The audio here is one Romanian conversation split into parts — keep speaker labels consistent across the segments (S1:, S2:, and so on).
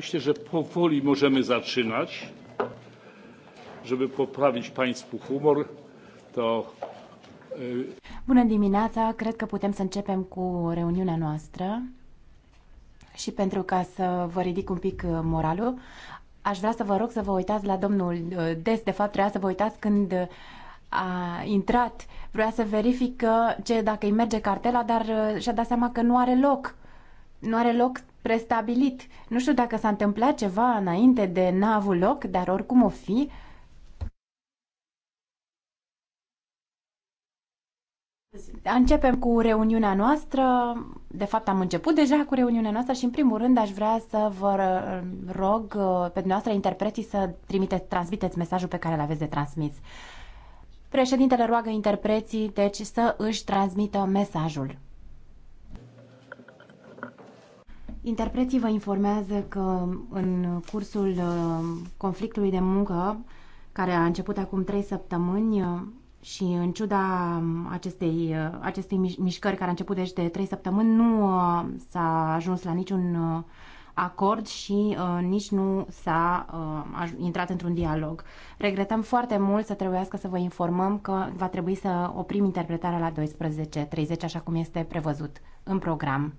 S1: Myślę, że powoli możemy zaczynać. Żeby poprawić Państwu humor, to...
S2: Bună dimineața! Cred că putem să începem cu reuniunea noastră. Și pentru ca să vă ridic un pic uh, moralul, aș vrea să vă rog să vă uitați la domnul uh, Des. De fapt, trebuia să vă uitați când uh, a intrat. Vrea să verifică ce, dacă îi merge cartela, dar și-a dat seama că nu are loc. Nu are loc prestabilit. Nu știu dacă s-a întâmplat ceva înainte de n-a avut loc, dar oricum o fi, Începem cu reuniunea noastră. De fapt, am început deja cu reuniunea noastră și, în primul rând, aș vrea să vă rog uh, pe dumneavoastră interpreții să trimiteți, transmiteți mesajul pe care îl aveți de transmis. Președintele roagă interpreții, deci, să își transmită mesajul. Interpreții vă informează că în cursul uh, conflictului de muncă, care a început acum trei săptămâni uh, și în ciuda um, acestei, uh, acestei mișcări care a început deci de trei săptămâni, nu s-a ajuns la niciun acord și uh, nici nu s-a uh, intrat într-un dialog. Regretăm foarte mult să trebuiască să vă informăm că va trebui să oprim interpretarea la 12.30, așa cum este prevăzut în program.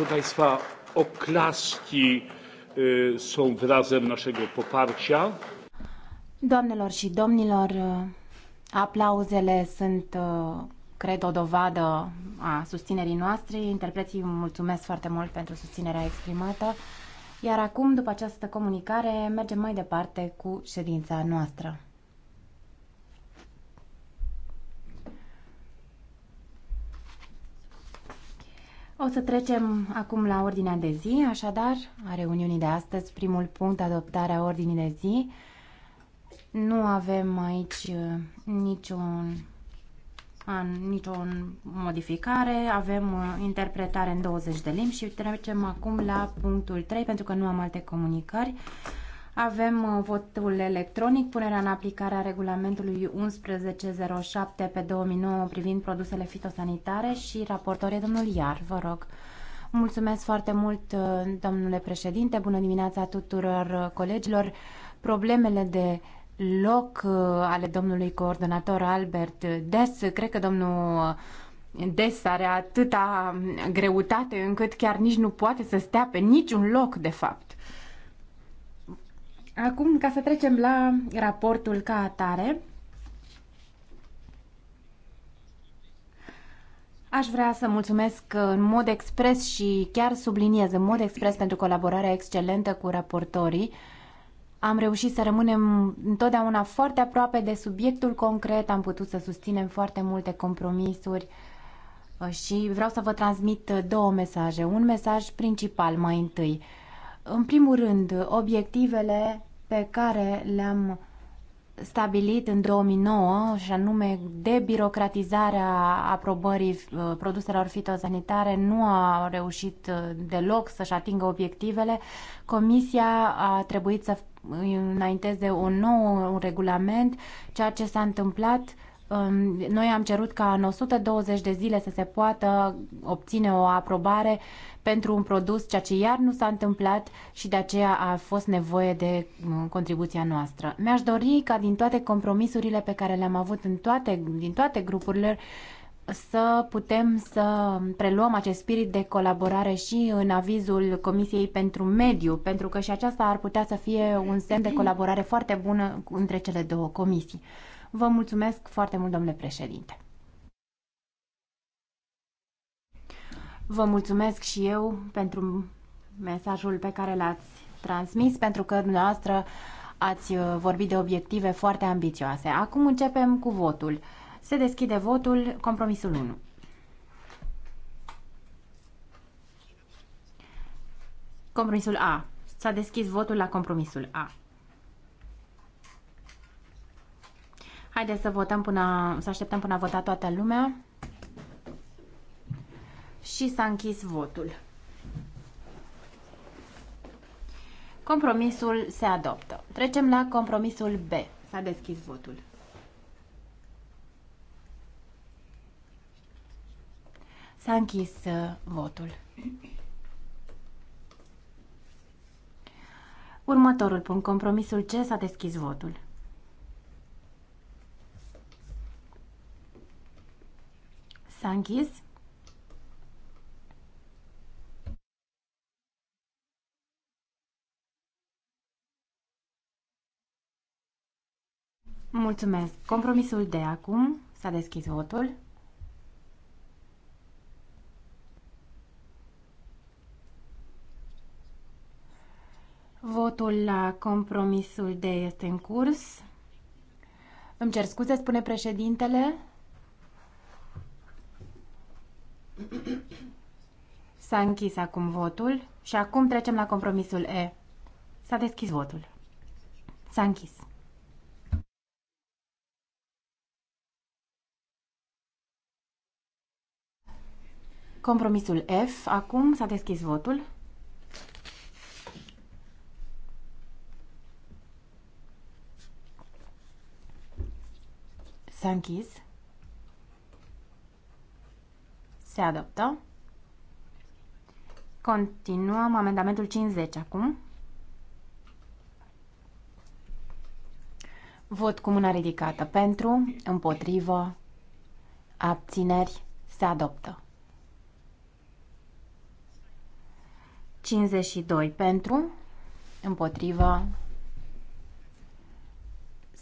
S1: Proszę Państwa, oklaski są wyrazem naszego poparcia.
S2: Doamnelor și domnilor, aplauzele sunt, cred, o dovadă a susținerii noastre. Interpreții mulțumesc foarte mult pentru susținerea exprimată. Iar acum, după această comunicare, mergem mai departe cu ședința noastră. O să trecem acum la ordinea de zi, așadar, a reuniunii de astăzi, primul punct, adoptarea ordinii de zi. Nu avem aici uh, niciun, an, niciun modificare, avem uh, interpretare în 20 de limbi și trecem acum la punctul 3, pentru că nu am alte comunicări. Avem uh, votul electronic, punerea în aplicare a regulamentului 1107 pe 2009 privind produsele fitosanitare și raportor domnul Iar, vă rog. Mulțumesc foarte mult, uh, domnule președinte, bună dimineața tuturor uh, colegilor. Problemele de loc ale domnului coordonator Albert Des, cred că domnul des are atâta greutate încât chiar nici nu poate să stea pe niciun loc, de fapt. Acum, ca să trecem la raportul ca atare, Aș vrea să mulțumesc în mod expres și chiar subliniez în mod expres pentru colaborarea excelentă cu raportorii. Am reușit să rămânem întotdeauna foarte aproape de subiectul concret, am putut să susținem foarte multe compromisuri uh, și vreau să vă transmit două mesaje. Un mesaj principal mai întâi. În primul rând, obiectivele pe care le-am stabilit în 2009 și anume debirocratizarea aprobării uh, produselor fitosanitare nu a reușit uh, deloc să-și atingă obiectivele. Comisia a trebuit să înainteze un nou un regulament, ceea ce s-a întâmplat um, noi am cerut ca în 120 de zile să se poată obține o aprobare pentru un produs, ceea ce iar nu s-a întâmplat și de aceea a fost nevoie de contribuția noastră. Mi-aș dori ca din toate compromisurile pe care le-am avut în toate, din toate grupurile să putem să preluăm acest spirit de colaborare și în avizul Comisiei pentru Mediu, pentru că și aceasta ar putea să fie un semn de colaborare foarte bună între cele două comisii. Vă mulțumesc foarte mult, domnule președinte. Vă mulțumesc și eu pentru mesajul pe care l-ați transmis, pentru că dumneavoastră ați uh, vorbit de obiective foarte ambițioase. Acum începem cu votul. Se deschide votul, compromisul 1. Compromisul A. S-a deschis votul la compromisul A. Haideți să votăm până, să așteptăm până a votat toată lumea și s-a închis votul. Compromisul se adoptă. Trecem la compromisul B. S-a deschis votul. S-a închis uh, votul. Următorul punct, compromisul C, s-a deschis votul. S-a închis Mulțumesc. Compromisul de acum s-a deschis votul. Votul la compromisul de este în curs. Îmi cer scuze, spune președintele. S-a închis acum votul și acum trecem la compromisul E. S-a deschis votul. S-a închis. Compromisul F. Acum s-a deschis votul. S-a închis. Se adoptă. Continuăm amendamentul 50 acum. Vot cu mâna ridicată pentru, împotrivă, abțineri, se adoptă. 52 pentru, împotrivă,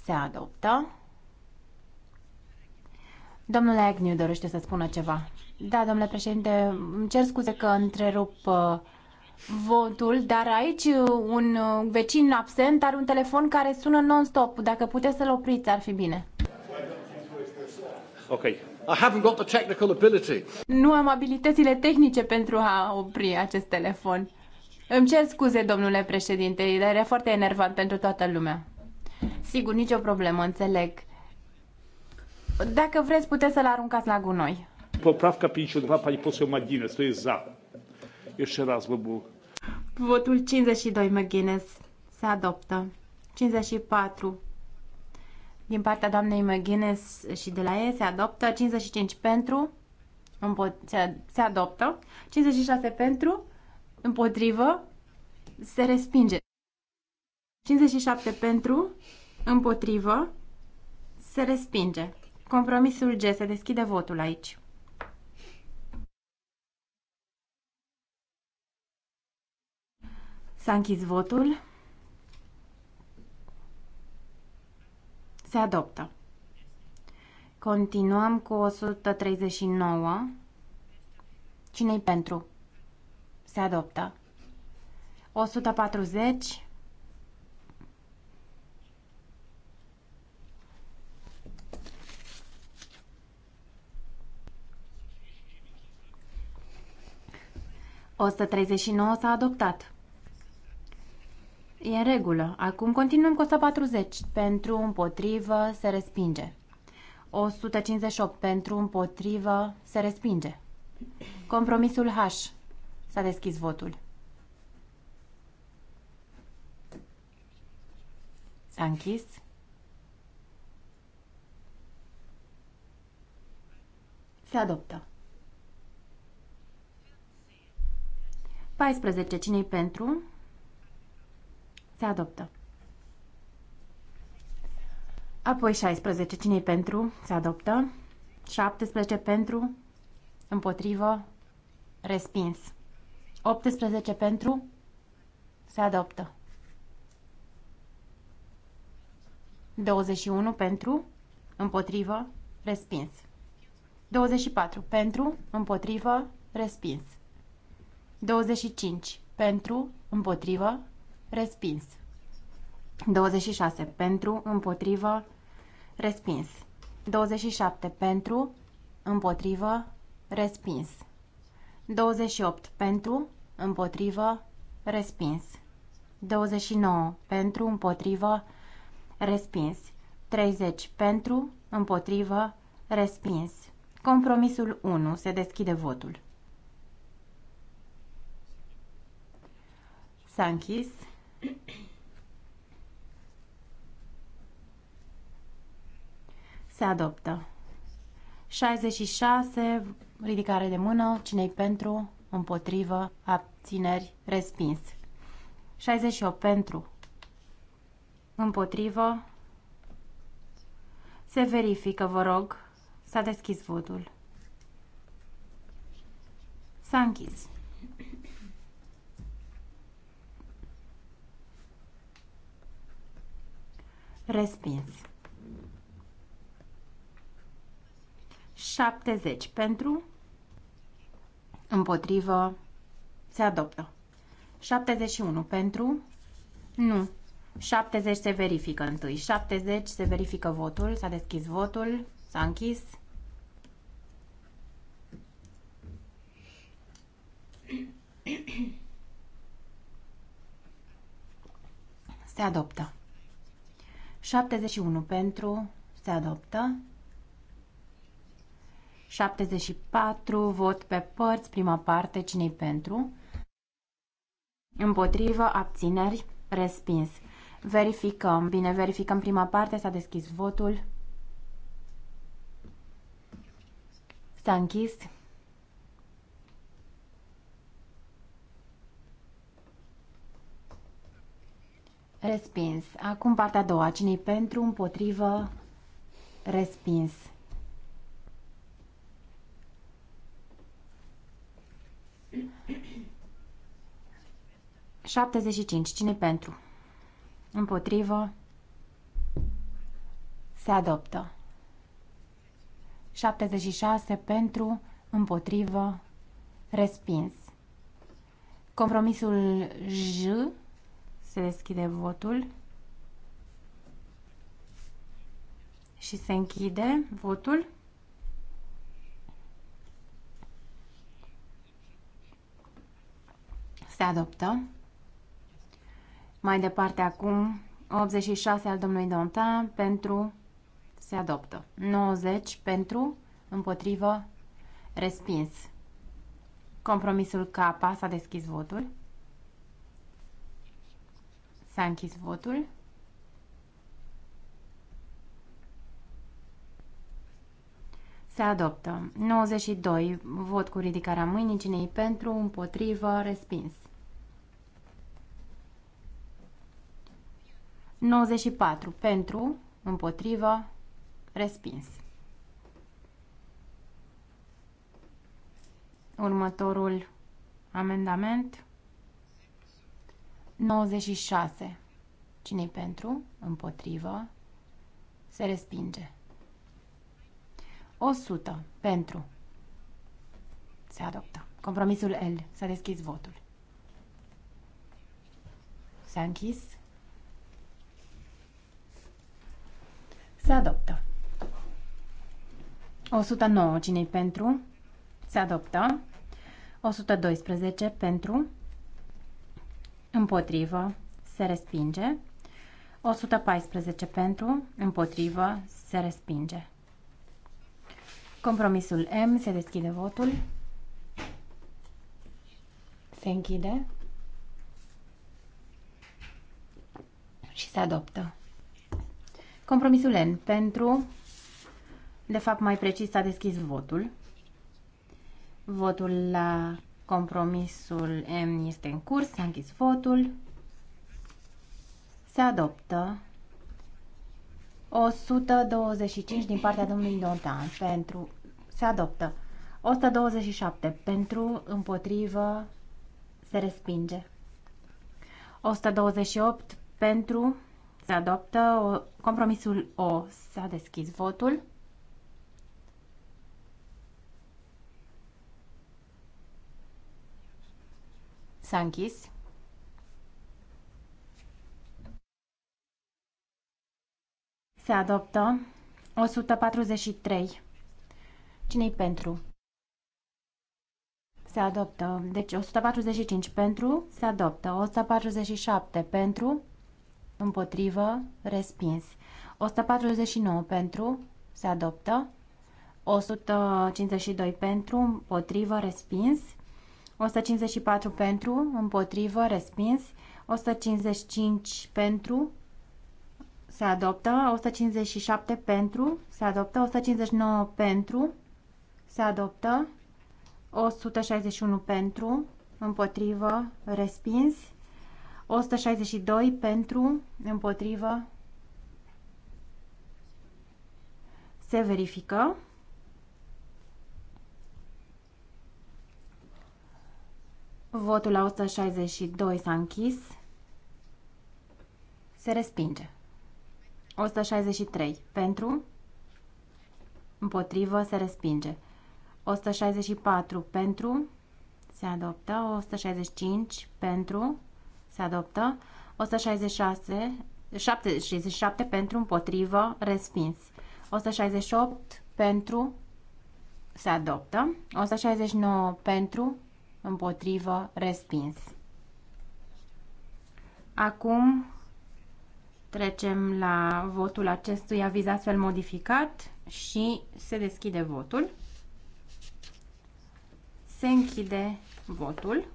S2: se adoptă. Domnule Agnew dorește să spună ceva. Da, domnule președinte, îmi cer scuze că întrerup uh, votul, dar aici uh, un uh, vecin absent are un telefon care sună non-stop. Dacă puteți să-l opriți, ar fi bine.
S1: Ok. I haven't got the technical ability.
S2: Nu am abilitățile tehnice pentru a opri acest telefon. Îmi cer scuze, domnule președinte, dar e foarte enervant pentru toată lumea. Sigur, nicio problemă, înțeleg. Dacă vreți, puteți să-l aruncați la gunoi.
S1: Poprawka 52, pani poseł Madines, to jest za. Jeszcze raz, vă bu.
S2: Votul 52, McGuinness, se adoptă. 54, din partea doamnei McGuinness și de la ei se adoptă. 55 pentru, se adoptă. 56 pentru, împotrivă, se respinge. 57 pentru, împotrivă, se respinge. Compromisul G. Se deschide votul aici. S-a închis votul. Se adoptă. Continuăm cu 139. Cine-i pentru? Se adoptă. 140. 139 s-a adoptat. E în regulă. Acum continuăm cu 140. Pentru, împotrivă, se respinge. 158. Pentru, împotrivă, se respinge. Compromisul H. S-a deschis votul. S-a închis. Se adoptă. 14. Cine-i pentru? Se adoptă. Apoi 16. Cine-i pentru? Se adoptă. 17. Pentru? Împotrivă? Respins. 18 pentru. Se adoptă. 21 pentru. Împotrivă. Respins. 24 pentru. Împotrivă. Respins. 25 pentru. Împotrivă. Respins. 26 pentru. Împotrivă. Respins. 27 pentru. Împotrivă. Respins. 28 pentru împotrivă, respins. 29 pentru, împotrivă, respins. 30 pentru, împotrivă, respins. Compromisul 1. Se deschide votul. S-a închis. Se adoptă. 66, ridicare de mână, cine pentru? împotrivă, abțineri, respins. 68 pentru, împotrivă, se verifică, vă rog, s-a deschis votul. S-a închis. Respins. 70 pentru, Împotrivă. Se adoptă. 71 pentru. Nu. 70 se verifică întâi. 70 se verifică votul. S-a deschis votul. S-a închis. Se adoptă. 71 pentru. Se adoptă. 74, vot pe părți, prima parte, cine pentru? Împotrivă, abțineri, respins. Verificăm. Bine, verificăm prima parte, s-a deschis votul. S-a închis. Respins. Acum partea a doua. cine pentru, împotrivă, respins. 75. cine pentru? Împotrivă. Se adoptă. 76 pentru, împotrivă, respins. Compromisul J se deschide votul și se închide votul. Se adoptă. Mai departe acum, 86 al domnului Donta pentru se adoptă. 90 pentru, împotrivă, respins. Compromisul K s-a deschis votul. S-a închis votul. Se adoptă. 92. Vot cu ridicarea mâinii. cinei pentru? Împotrivă. Respins. 94 pentru, împotrivă, respins. Următorul amendament 96. cine pentru? Împotrivă. Se respinge. 100. Pentru. Se adoptă. Compromisul L. S-a deschis votul. S-a închis. Se adoptă. 109. cine pentru? Se adoptă. 112. Pentru. Împotrivă. Se respinge. 114. Pentru. Împotrivă. Se respinge. Compromisul M. Se deschide votul. Se închide. Și se adoptă. Compromisul N pentru, de fapt mai precis s-a deschis votul. Votul la compromisul M este în curs, s-a închis votul. Se adoptă 125 din partea domnului Dontan pentru, se adoptă 127 pentru, împotrivă, se respinge. 128 pentru, se adoptă o, compromisul O. S-a deschis votul. S-a închis. Se adoptă 143. Cine-i pentru? Se adoptă. Deci 145 pentru, se adoptă. 147 pentru, împotrivă, respins. 149 pentru, se adoptă. 152 pentru, împotrivă, respins. 154 pentru, împotrivă, respins. 155 pentru, se adoptă. 157 pentru, se adoptă. 159 pentru, se adoptă. 161 pentru, împotrivă, respins. 162 pentru, împotrivă, se verifică. Votul la 162 s-a închis. Se respinge. 163 pentru, împotrivă, se respinge. 164 pentru, se adoptă. 165 pentru, se adoptă. 166, 67 pentru, împotrivă, respins. 168 pentru, se adoptă. 169 pentru, împotrivă, respins. Acum trecem la votul acestui aviz astfel modificat și se deschide votul. Se închide votul.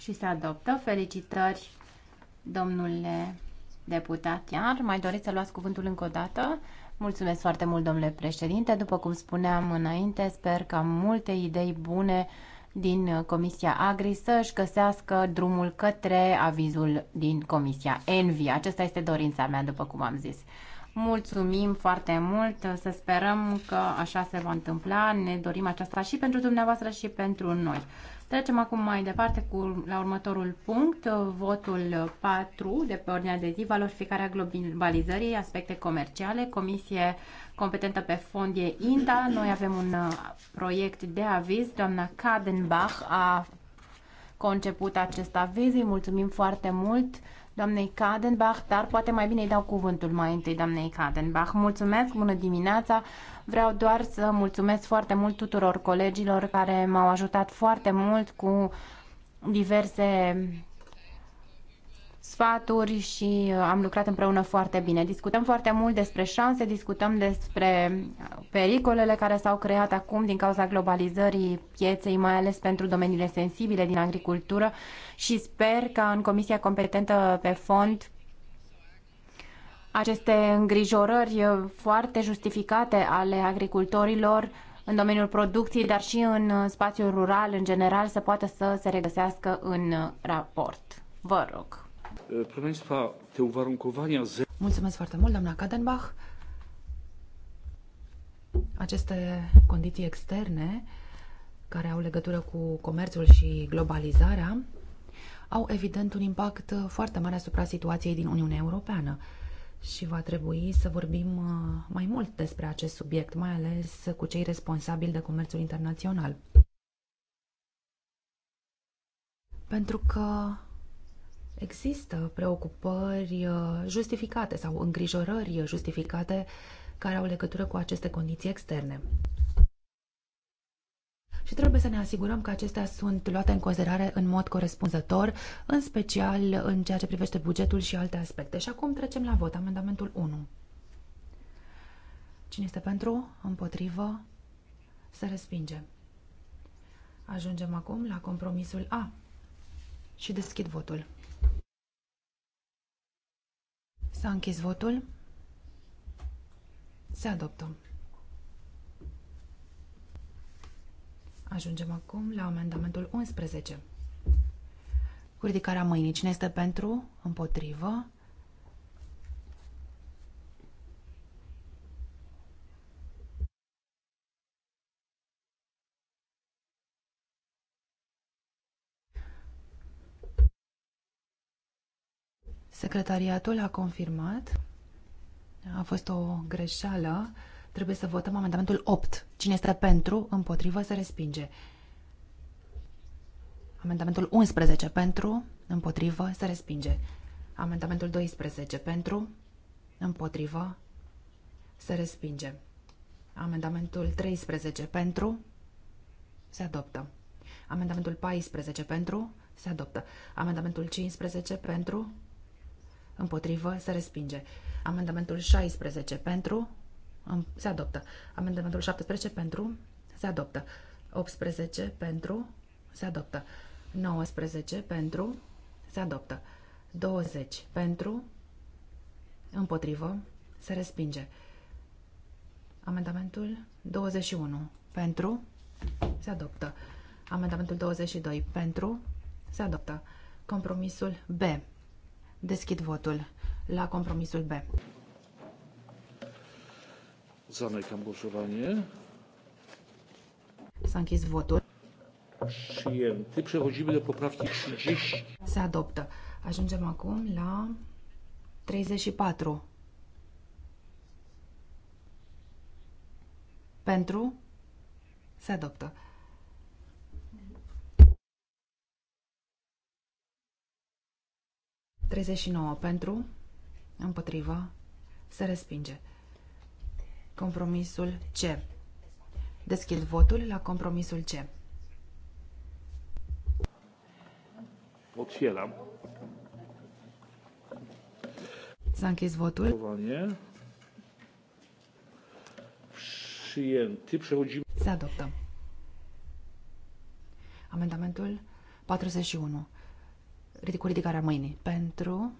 S2: și se adoptă. Felicitări, domnule deputat Iar. Mai doriți să luați cuvântul încă o dată? Mulțumesc foarte mult, domnule președinte. După cum spuneam înainte, sper că multe idei bune din Comisia Agri să-și găsească drumul către avizul din Comisia Envi. Aceasta este dorința mea, după cum am zis. Mulțumim foarte mult, să sperăm că așa se va întâmpla. Ne dorim aceasta și pentru dumneavoastră și pentru noi. Trecem acum mai departe cu, la următorul punct, uh, votul 4 de pe ordinea de zi, valorificarea globalizării, aspecte comerciale, comisie competentă pe fond e INTA. Noi avem un uh, proiect de aviz, doamna Kadenbach a conceput acest aviz, îi mulțumim foarte mult doamnei Cadenbach, dar poate mai bine îi dau cuvântul mai întâi doamnei Cadenbach. Mulțumesc, bună dimineața! Vreau doar să mulțumesc foarte mult tuturor colegilor care m-au ajutat foarte mult cu diverse sfaturi și uh, am lucrat împreună foarte bine. Discutăm foarte mult despre șanse, discutăm despre pericolele care s-au creat acum din cauza globalizării pieței, mai ales pentru domeniile sensibile din agricultură și sper că în comisia competentă pe fond aceste îngrijorări foarte justificate ale agricultorilor în domeniul producției, dar și în spațiul rural în general, să poată să se regăsească în raport.
S1: Vă rog. Mulțumesc foarte mult,
S3: doamna Kadenbach. Aceste condiții externe care au legătură cu comerțul și globalizarea au evident un impact foarte mare asupra situației din Uniunea Europeană și va trebui să vorbim uh, mai mult despre acest subiect, mai ales cu cei responsabili de comerțul internațional. Pentru că Există preocupări uh, justificate sau îngrijorări justificate care au legătură cu aceste condiții externe. Și trebuie să ne asigurăm că acestea sunt luate în considerare în mod corespunzător, în special în ceea ce privește bugetul și alte aspecte. Și acum trecem la vot. Amendamentul 1. Cine este pentru? Împotrivă? Se respinge. Ajungem acum la compromisul A și deschid votul. S-a închis votul. Se adoptă. Ajungem acum la amendamentul 11. Cu ridicarea mâinii, cine este pentru? Împotrivă? Secretariatul a confirmat. A fost o greșeală. Trebuie să votăm amendamentul 8. Cine este pentru, împotrivă, se respinge. Amendamentul 11 pentru, împotrivă, se respinge. Amendamentul 12 pentru, împotrivă, se respinge. Amendamentul 13 pentru, se adoptă. Amendamentul 14 pentru, se adoptă. Amendamentul 15 pentru, Împotrivă. Se respinge. Amendamentul 16 pentru. Se adoptă. Amendamentul 17 pentru. Se adoptă. 18 pentru. Se adoptă. 19 pentru. Se adoptă. 20 pentru. Împotrivă. Se respinge. Amendamentul 21 pentru. Se adoptă. Amendamentul 22 pentru. Se adoptă. Compromisul B Deschid votul la compromisul B.
S1: Zamykam głosowanie.
S3: S-a închis votul.
S1: Przyjęty. Przechodzimy do poprawki 30.
S3: Se adoptă. Ajungem acum la 34. Pentru? Se adoptă. 39 pentru, împotriva, se respinge. Compromisul C. Deschid votul la compromisul C.
S1: Otwieram. S-a închis votul. Se adoptă.
S3: Amendamentul 41 cu ridicarea mâinii. Pentru,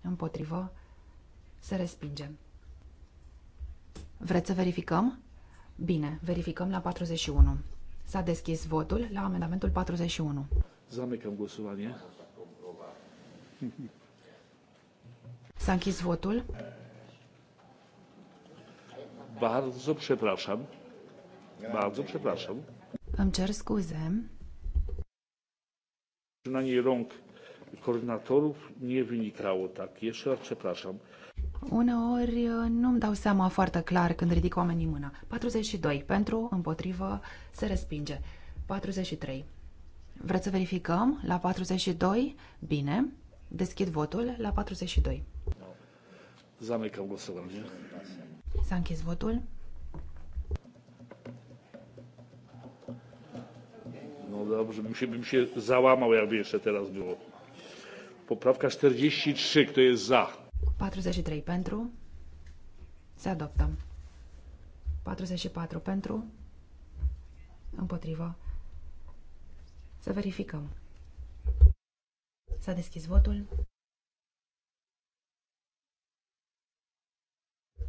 S3: împotrivă, să respingem. Vreți să verificăm? Bine, verificăm la 41. S-a deschis votul la amendamentul 41.
S1: Zamecăm głosowanie.
S3: S-a închis votul.
S1: Bardzo przepraszam. Bardzo przepraszam.
S3: Îmi cer scuze
S1: przynajmniej rąk koordynatorów nie wynikało tak. Jeszcze raz przepraszam.
S3: Uneori nu-mi dau seama foarte clar când ridic oamenii mâna. 42 pentru, împotrivă, se respinge. 43. Vreți să verificăm? La 42? Bine. Deschid votul la 42.
S1: Zamecam głosowanie.
S3: S-a închis votul.
S1: No dobrze, bym się, bym się załamał, jakby jeszcze teraz było. Poprawka 43, kto jest za?
S3: 43 pentru. Se adoptă. 44 pentru. Împotrivă. Să verificăm. S-a deschis votul.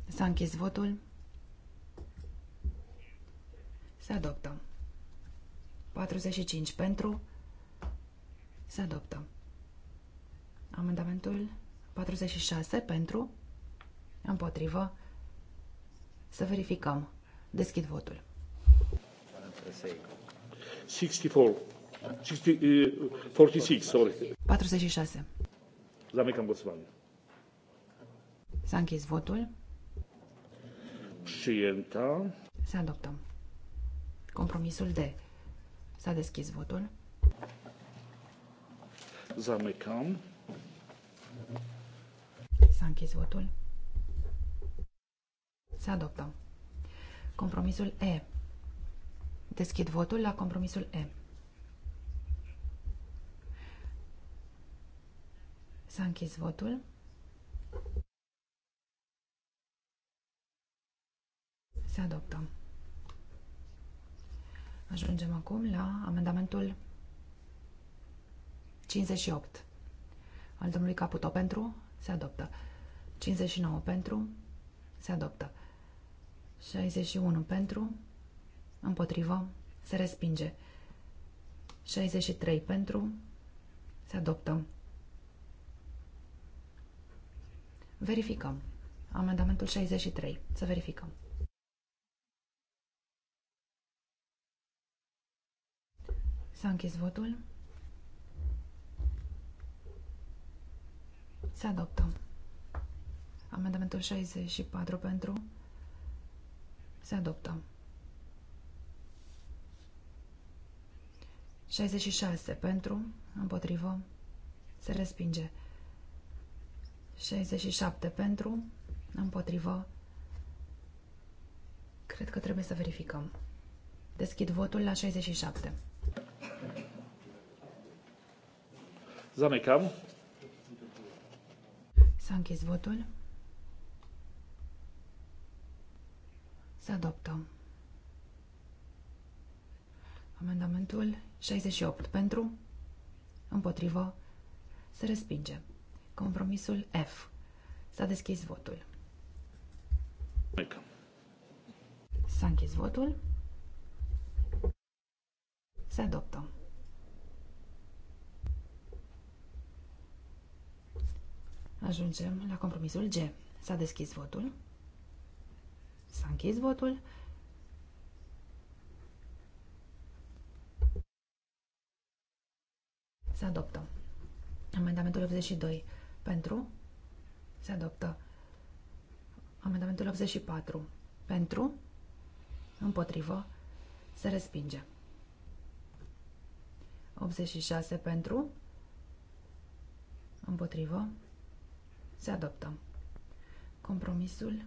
S3: S-a închis votul. Se adoptă. 45 pentru. Se adoptă. Amendamentul 46 pentru. Împotrivă. Să verificăm. Deschid votul.
S1: 64. 60, 46,
S3: 46. S-a închis votul. Și Se adoptă. Compromisul de. S-a deschis votul.
S1: Zamecam.
S3: S-a închis votul. Se adoptă. Compromisul E. Deschid votul la compromisul E. S-a închis votul. Se adoptă. Ajungem acum la amendamentul 58 al domnului Caputo pentru se adoptă. 59 pentru se adoptă. 61 pentru împotrivă se respinge. 63 pentru se adoptă. Verificăm. Amendamentul 63. Să verificăm. S-a închis votul. Se adoptă. Amendamentul 64 pentru. Se adoptă. 66 pentru. Împotrivă. Se respinge. 67 pentru. Împotrivă. Cred că trebuie să verificăm. Deschid votul la 67. Zamykam. S-a închis votul. Să adoptăm. Amendamentul 68 pentru, împotrivă, se respinge. Compromisul F. S-a deschis votul. S-a închis votul. Se adoptăm. Ajungem la compromisul G. S-a deschis votul. S-a închis votul. Se adoptă. Amendamentul 82 pentru. Se adoptă. Amendamentul 84 pentru. Împotrivă. Se respinge. 86 pentru. Împotrivă. Se adoptă. Compromisul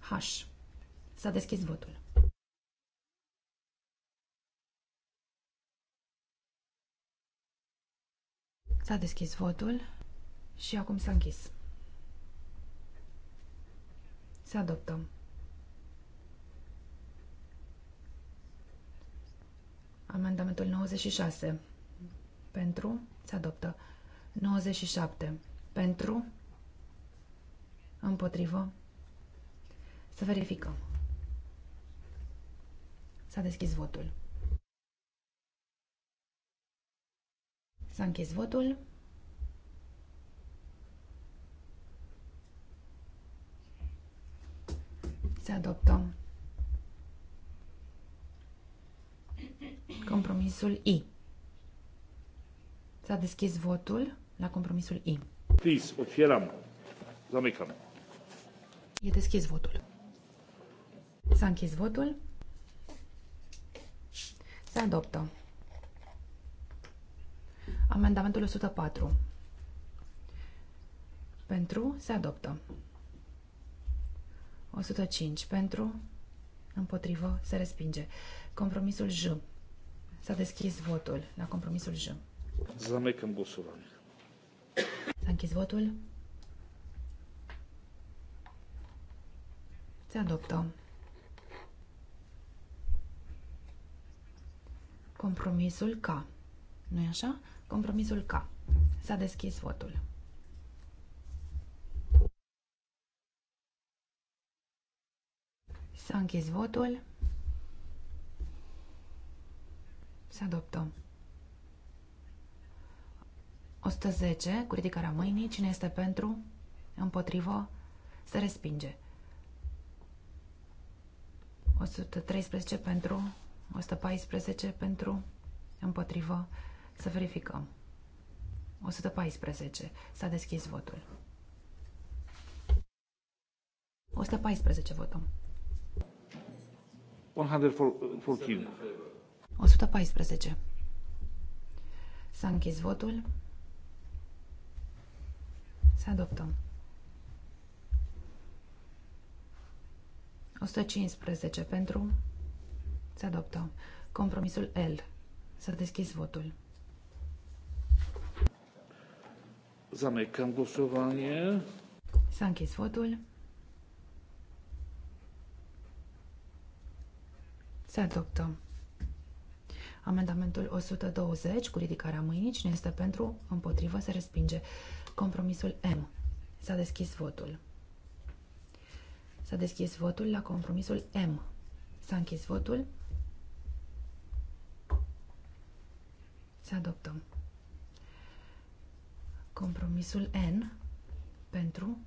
S3: H. S-a deschis votul. S-a deschis votul și acum s-a închis. Se adoptă. Amendamentul 96. Pentru. Se adoptă. 97. Pentru. Împotrivă. Să verificăm. S-a deschis votul. S-a închis votul. Se adoptă compromisul I. S-a deschis votul la compromisul I.
S1: Please, otwieram. Zamykam.
S3: E deschis votul. S-a închis votul. Se adoptă. Amendamentul 104. Pentru se adoptă. 105. Pentru împotrivă se respinge. Compromisul J. S-a deschis votul la compromisul J.
S1: Zamecăm gosul.
S3: S-a închis votul. Se adoptă. Compromisul K. nu e așa? Compromisul K. S-a deschis votul. S-a închis votul. Se adoptă. 110, cu ridicarea mâinii, cine este pentru, împotrivă, se respinge. 113 pentru, 114 pentru, împotrivă, să verificăm. 114. S-a deschis votul. 114 votăm.
S1: 114.
S3: 114. S-a închis votul. Se adoptă. 115 pentru. Se adoptă. Compromisul L. S-a deschis votul.
S1: Zamecam głosowanie.
S3: S-a închis votul. Se adoptă. Amendamentul 120 cu ridicarea mâinii. Cine este pentru? Împotrivă? Se respinge. Compromisul M. S-a deschis votul. S-a deschis votul la compromisul M. S-a închis votul. Se adoptă. Compromisul N pentru...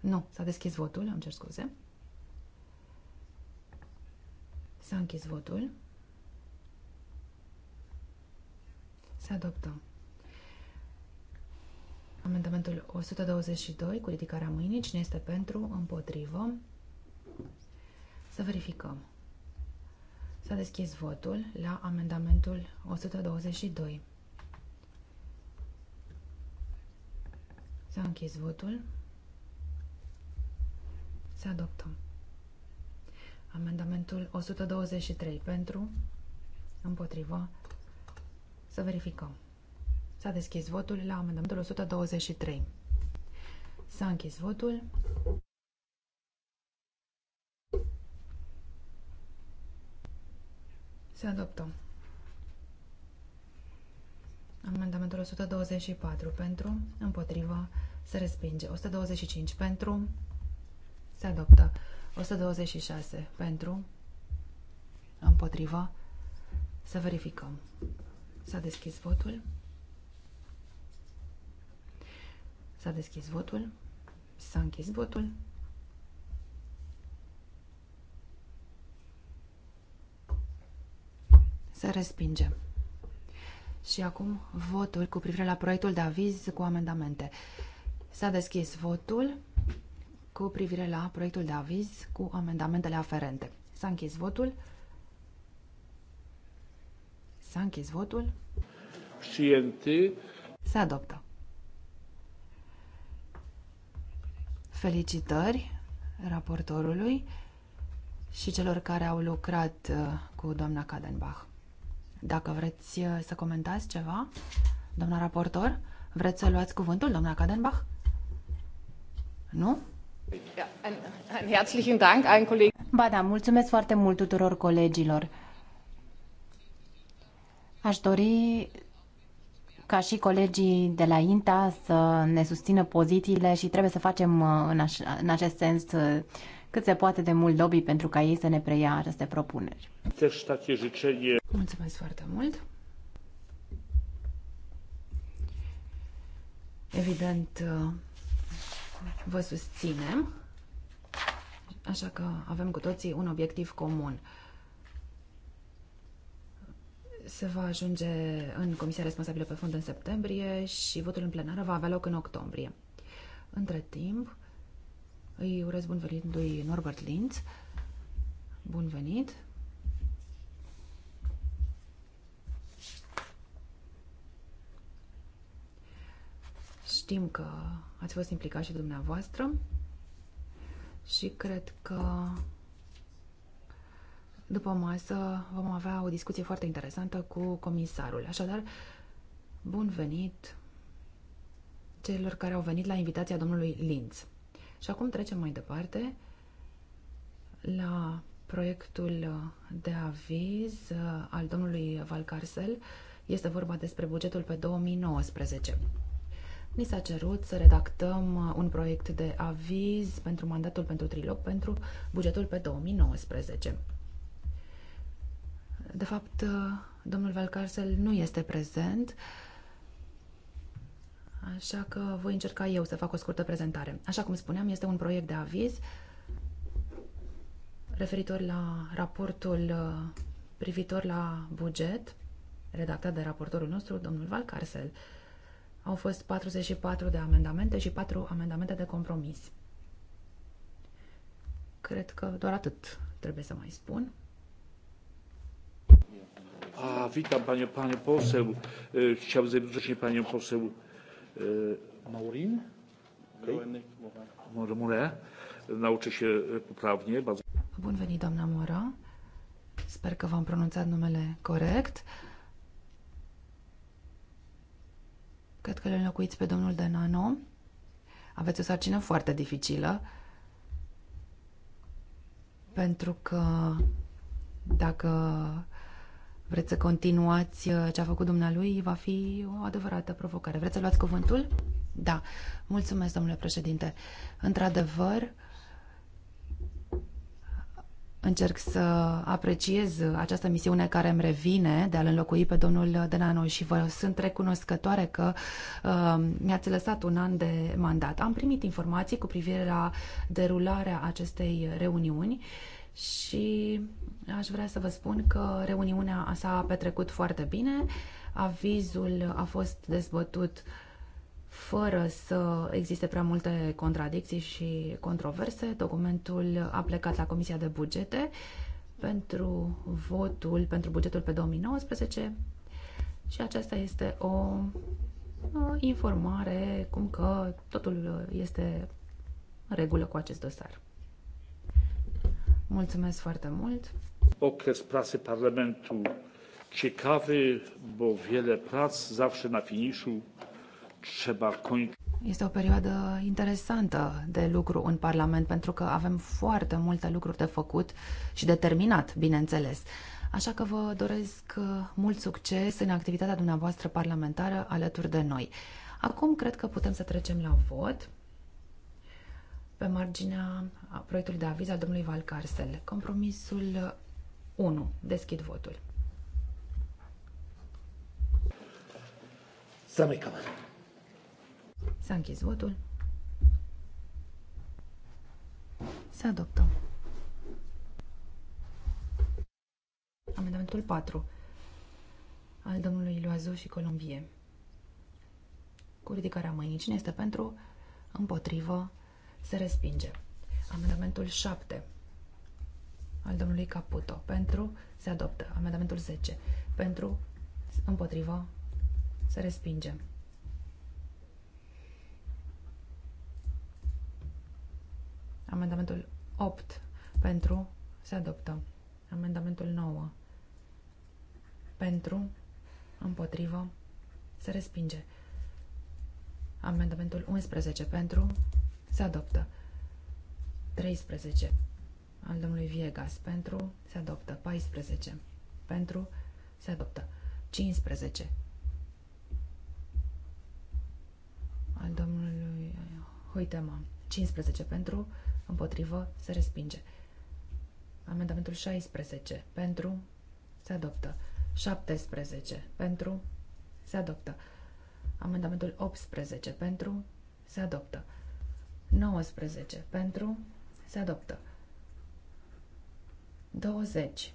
S3: Nu, s-a deschis votul, am cer scuze. S-a închis votul. Se adoptă. Amendamentul 122 cu ridicarea mâinii. Cine este pentru? Împotrivă. Să verificăm. S-a deschis votul la amendamentul 122. S-a închis votul. Se adoptă. Amendamentul 123 pentru, împotrivă, să verificăm. S-a deschis votul la amendamentul 123. S-a închis votul. Se adoptă. Amendamentul 124 pentru, împotrivă, se respinge. 125 pentru, se adoptă. 126 pentru, împotrivă, să verificăm. S-a deschis votul. S-a deschis votul. S-a închis votul. Se respinge. Și acum votul cu privire la proiectul de aviz cu amendamente. S-a deschis votul cu privire la proiectul de aviz cu amendamentele aferente. S-a închis votul. S-a închis votul.
S1: Știente.
S3: Se adoptă. Felicitări raportorului și celor care au lucrat uh, cu doamna Cadenbach. Dacă vreți uh, să comentați ceva, doamna
S2: raportor, vreți să luați cuvântul, doamna Cadenbach? Nu? Ba da, mulțumesc foarte mult tuturor colegilor. Aș dori ca și colegii de la INTA să ne susțină pozițiile și trebuie să facem uh, în, aș- în acest sens uh, cât se poate de mult lobby pentru ca ei să ne preia aceste propuneri. Mulțumesc foarte mult!
S3: Evident, uh, vă susținem, așa că avem cu toții un obiectiv comun se va ajunge în comisia responsabilă pe fond în septembrie și votul în plenară va avea loc în octombrie. Între timp, îi urez bun venit lui Norbert Linz. Bun venit! Știm că ați fost implicat și dumneavoastră și cred că după masă vom avea o discuție foarte interesantă cu comisarul. Așadar, bun venit celor care au venit la invitația domnului Linz. Și acum trecem mai departe la proiectul de aviz al domnului Valcarcel. Este vorba despre bugetul pe 2019. Ni s-a cerut să redactăm un proiect de aviz pentru mandatul pentru trilog pentru bugetul pe 2019. De fapt, uh, domnul Valcarcel nu este prezent, așa că voi încerca eu să fac o scurtă prezentare. Așa cum spuneam, este un proiect de aviz referitor la raportul uh, privitor la buget redactat de raportorul nostru, domnul Valcarcel. Au fost 44 de amendamente și 4 amendamente de compromis. Cred că doar atât trebuie să mai spun.
S1: A, witam panią, panią poseł. Chciałbym zaprosić panią poseł Maurin. Okay. Mure. Nauczę się poprawnie. Bardzo.
S3: Bun venit, doamna Mura. Sper că v-am pronunțat numele corect. Cred că le înlocuiți pe domnul de Nano. Aveți o sarcină foarte dificilă, pentru că dacă vreți să continuați uh, ce a făcut dumnealui, va fi o adevărată provocare. Vreți să luați cuvântul? Da. Mulțumesc, domnule președinte. Într-adevăr, încerc să apreciez această misiune care îmi revine de a-l înlocui pe domnul Denano și vă sunt recunoscătoare că uh, mi-ați lăsat un an de mandat. Am primit informații cu privire la derularea acestei reuniuni și aș vrea să vă spun că reuniunea s-a petrecut foarte bine. Avizul a fost dezbătut fără să existe prea multe contradicții și controverse. Documentul a plecat la Comisia de Bugete pentru votul pentru bugetul pe 2019 și aceasta este o informare cum că totul este în regulă cu acest dosar. Mulțumesc foarte mult.
S1: Okres pracy Parlamentu ciekawy, bo wiele prac zawsze na finiszu trzeba kończyć.
S3: Este o perioadă interesantă de lucru în Parlament pentru că avem foarte multe lucruri de făcut și de terminat, bineînțeles. Așa că vă doresc uh, mult succes în activitatea dumneavoastră parlamentară alături de noi. Acum cred că putem să trecem la vot pe marginea proiectului de aviz al domnului Valcarcel. Compromisul 1. Deschid votul. Să micăm. S-a închis votul. Se adoptă. Amendamentul 4 al domnului Iloazu și Columbie. Cu ridicarea mâinii, cine este pentru, împotrivă, se respinge. Amendamentul 7 al domnului Caputo. Pentru se adoptă. Amendamentul 10. Pentru împotriva se respinge. Amendamentul 8 pentru se adoptă. Amendamentul 9 pentru împotriva se respinge. Amendamentul 11 pentru se adoptă. 13 al domnului Viegas pentru se adoptă. 14 pentru se adoptă. 15 al domnului Hoitema 15 pentru împotrivă se respinge. Amendamentul 16 pentru se adoptă. 17 pentru se adoptă. Amendamentul 18 pentru se adoptă. 19 pentru se adoptă. 20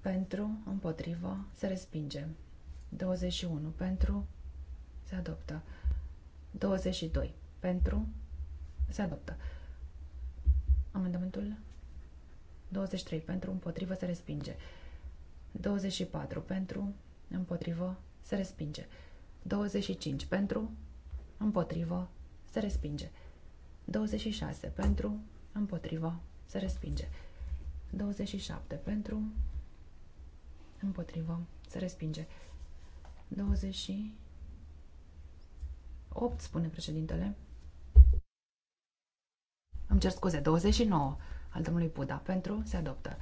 S3: pentru, împotrivă, se respinge. 21 pentru, se adoptă. 22 pentru, se adoptă. Amendamentul 23 pentru, împotrivă, se respinge. 24 pentru, împotrivă, se respinge. 25 pentru, împotrivă, se respinge. 26 pentru, împotrivă, se respinge. 27 pentru, împotrivă, se respinge. 28, spune președintele. Îmi cer scuze, 29 al domnului Buda pentru, se adoptă.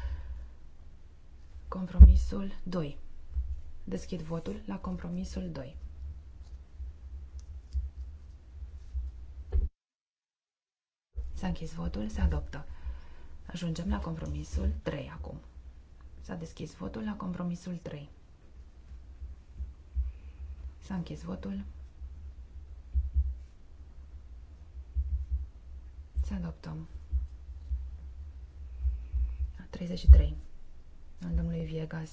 S3: Compromisul 2. Deschid votul la compromisul 2. S-a închis votul, se adoptă. Ajungem la compromisul 3 acum. S-a deschis votul la compromisul 3. S-a închis votul. Se adoptăm. 33. Al domnului Viegas.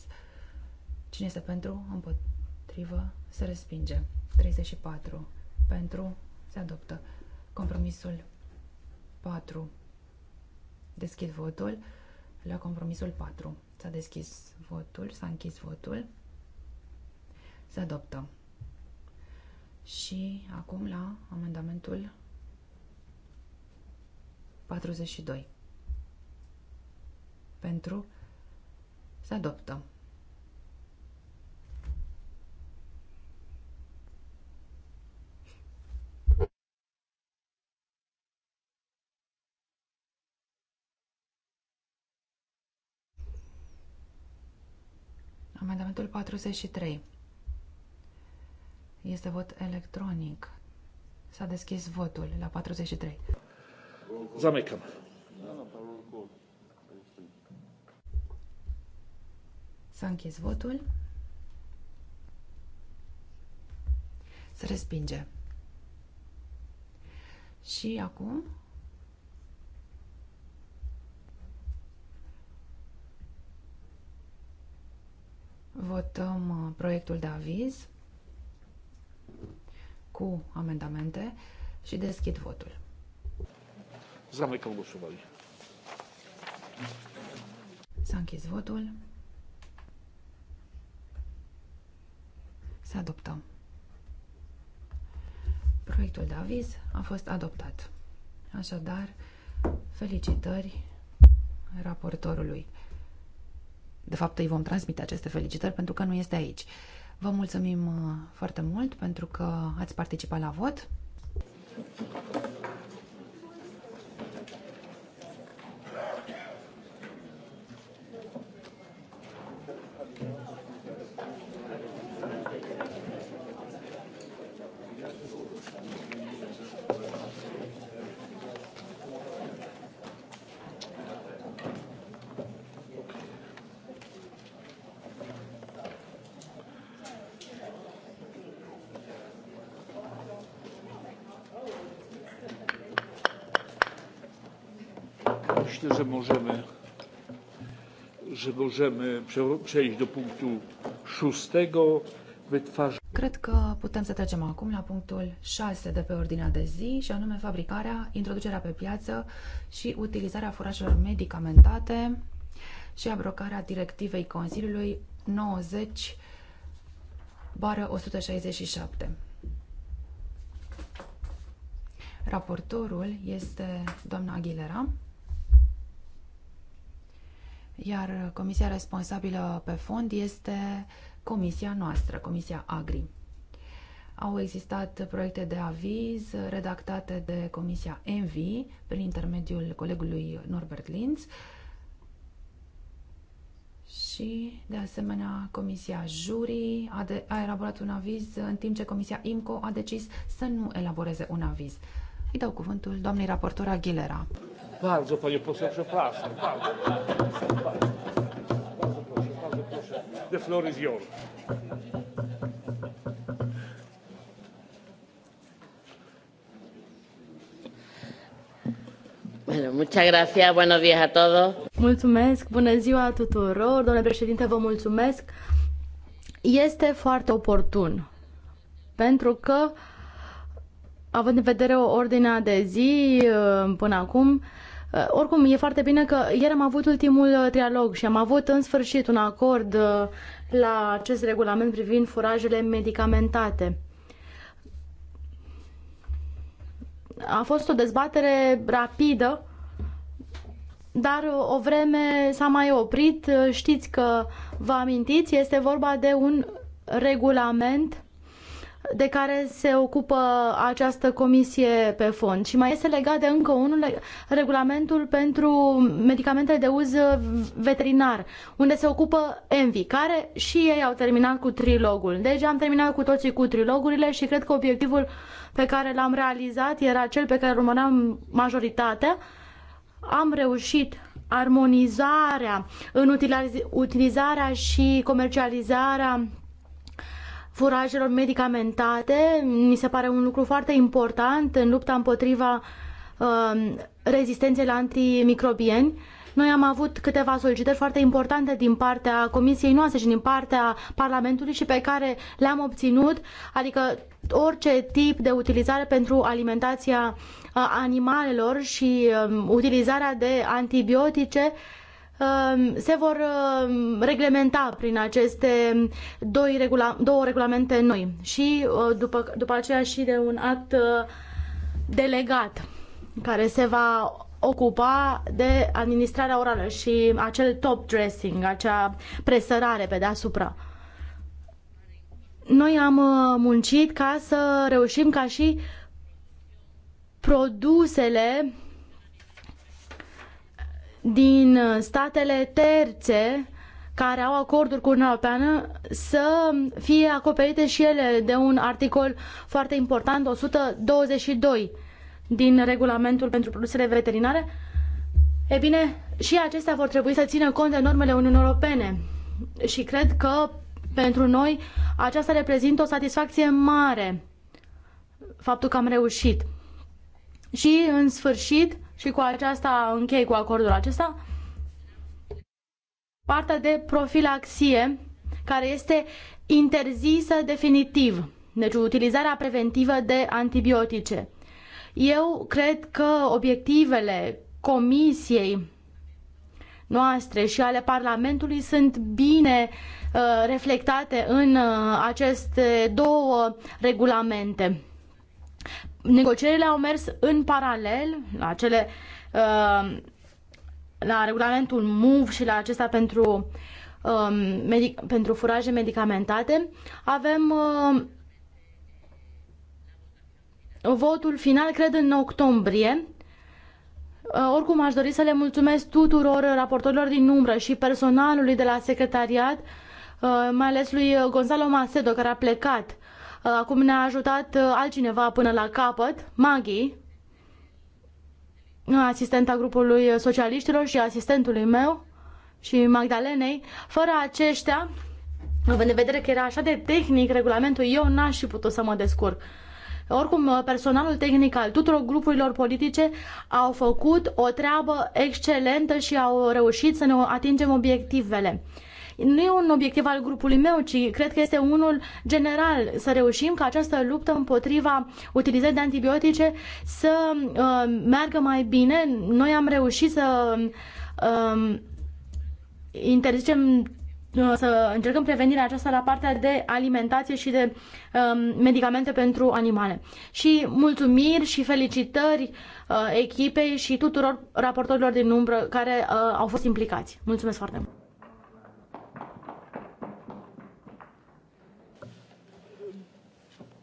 S3: Cine este pentru? Împotrivă. Se respinge. 34. Pentru. Se adoptă. Compromisul 4. Deschid votul la compromisul 4. S-a deschis votul, s-a închis votul, se adoptă. Și acum la amendamentul 42. Pentru se adoptă. Amendamentul 43. Este vot electronic. S-a deschis votul la 43. Zamecam. S-a închis votul. Se respinge. Și acum votăm uh, proiectul de aviz cu amendamente și deschid votul. S-a închis votul. Se adoptă. Proiectul de aviz a fost adoptat. Așadar, felicitări raportorului de fapt îi vom transmite aceste felicitări pentru că nu este aici. Vă mulțumim uh, foarte mult pentru că ați participat la vot.
S1: myślę, że możemy, że możemy przejść do punktu szóstego.
S3: Cred că putem să trecem acum la punctul 6 de pe ordinea de zi, și anume fabricarea, introducerea pe piață și utilizarea furajelor medicamentate și abrocarea directivei Consiliului 90 bară 167. Raportorul este doamna Aguilera iar comisia responsabilă pe fond este comisia noastră, Comisia Agri. Au existat proiecte de aviz redactate de Comisia ENVI prin intermediul colegului Norbert Linz și, de asemenea, Comisia Juri a, de, a elaborat un aviz, în timp ce Comisia IMCO a decis să nu elaboreze un aviz. Îi dau cuvântul doamnei raportor Aguilera.
S1: Bardzo panie poseł, przepraszam. Bardzo, bardzo, bardzo, proszę, bardzo proszę. The floor is yours.
S4: muchas gracias, buenos días a todos. Mulțumesc, bună ziua tuturor, domnule președinte, vă mulțumesc. Este foarte oportun, pentru că, având în vedere o ordinea de zi până acum, uh, Uh, oricum, e foarte bine că ieri am avut ultimul uh, trialog și am avut în sfârșit un acord uh, la acest regulament privind furajele medicamentate. A fost o dezbatere rapidă, dar o vreme s-a mai oprit. Știți că vă amintiți, este vorba de un regulament de care se ocupă această comisie pe fond și mai este legat de încă unul, regulamentul pentru medicamentele de uz veterinar, unde se ocupă Envi, care și ei au terminat cu trilogul. Deci am terminat cu toții cu trilogurile și cred că obiectivul pe care l-am realizat era cel pe care îl urmăream majoritatea. Am reușit armonizarea în utilizarea și comercializarea furajelor medicamentate. Mi se pare un lucru foarte important în lupta împotriva uh, rezistenței la antimicrobieni. Noi am avut câteva solicitări foarte importante din partea comisiei noastre și din partea Parlamentului și pe care le-am obținut, adică orice tip de utilizare pentru alimentația uh, animalelor și um, utilizarea de antibiotice uh, Um, se vor um, reglementa prin aceste două regulamente noi și uh, după, după aceea și de un act uh, delegat care se va ocupa de administrarea orală și acel top dressing, acea presărare pe deasupra. Noi am uh, muncit ca să reușim ca și produsele din uh, statele terțe care au acorduri cu Uniunea Europeană să fie acoperite și ele de un articol foarte important, 122 din regulamentul pentru produsele veterinare. E bine, și acestea vor trebui să țină cont de normele Uniunii Europene și cred că pentru noi aceasta reprezintă o satisfacție mare faptul că am reușit. Și în sfârșit, și cu aceasta închei cu acordul acesta, partea de profilaxie care este interzisă definitiv, deci utilizarea preventivă de antibiotice. Eu cred că obiectivele comisiei noastre și ale Parlamentului sunt bine uh, reflectate în uh, aceste două regulamente negocierile au mers în paralel la cele uh, la regulamentul MUV și la acesta pentru, uh, medic, pentru furaje medicamentate. Avem uh, votul final, cred, în octombrie. Oricum, aș dori să le mulțumesc tuturor raportorilor din umbră și personalului de la secretariat, mai ales lui Gonzalo Macedo, care a plecat Uh, acum ne-a ajutat uh, altcineva până la capăt, Maghi, uh, asistenta grupului socialiștilor și asistentului meu și Magdalenei. Fără aceștia, în vedere că era așa de tehnic regulamentul, eu n-aș fi putut să mă descurc. Oricum, personalul tehnic al tuturor grupurilor politice au făcut o treabă excelentă și au reușit să ne atingem obiectivele. Nu e un obiectiv al grupului meu, ci cred că este unul general să reușim ca această luptă împotriva utilizării de antibiotice să uh, meargă mai bine. Noi am reușit să um, uh, interzicem să încercăm prevenirea aceasta la partea de alimentație și de um, medicamente pentru animale. Și mulțumiri și felicitări uh, echipei și tuturor raportorilor din umbră care uh, au fost implicați. Mulțumesc foarte mult!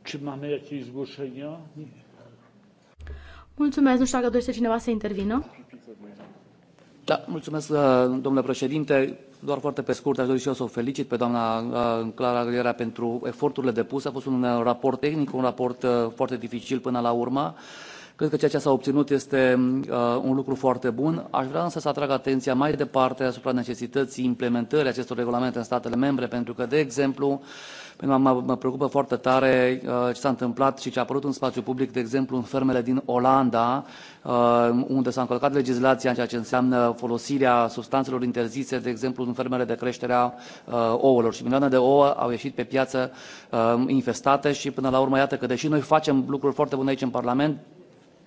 S1: Czy mamy jakieś zgłoszenia?
S4: Mulțumesc. Nu știu dacă dorește cineva să intervină.
S1: Da, mulțumesc, uh, domnule președinte. Doar foarte pe scurt, aș dori și eu să o felicit pe doamna uh, Clara Aguilera pentru eforturile depuse. A fost un uh, raport tehnic, un raport foarte dificil până la urmă. Cred că ceea ce s-a obținut este uh, un lucru foarte bun.
S3: Aș vrea însă să atrag atenția mai departe asupra necesității implementării acestor regulamente în statele membre,
S1: pentru că, de exemplu, uh, Mă, mă, mă preocupă foarte tare uh, ce s-a întâmplat și ce a apărut în spațiu public, de exemplu, în fermele din Olanda, uh, unde s-a încălcat legislația în ceea
S3: ce înseamnă folosirea substanțelor interzise, de exemplu, în fermele de creștere a uh, ouălor. Și milioane de ouă au ieșit pe piață uh, infestate și, până la urmă, iată că, deși noi facem lucruri foarte bune aici în Parlament,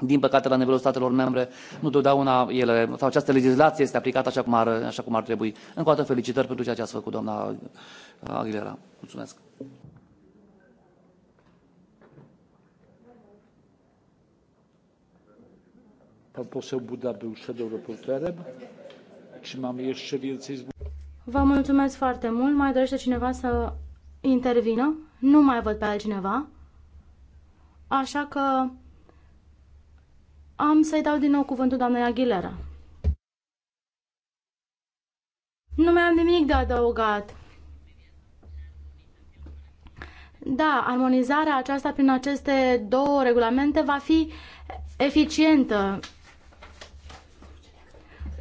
S3: din păcate, la nivelul statelor membre, nu totdeauna ele, sau această legislație este aplicată așa cum ar, așa cum ar trebui. Încă o dată felicitări pentru ceea ce ați făcut, doamna
S1: Aguilera. Mulțumesc. Pan poseł Buda był shadow reporterem. Czy mamy jeszcze więcej
S4: Vă mulțumesc foarte mult. Mai dorește cineva să intervină? Nu mai văd pe altcineva. Așa că am să-i dau din nou cuvântul doamnei Aguilera. Nu mai am nimic de adăugat. Da, armonizarea aceasta prin aceste două regulamente va fi eficientă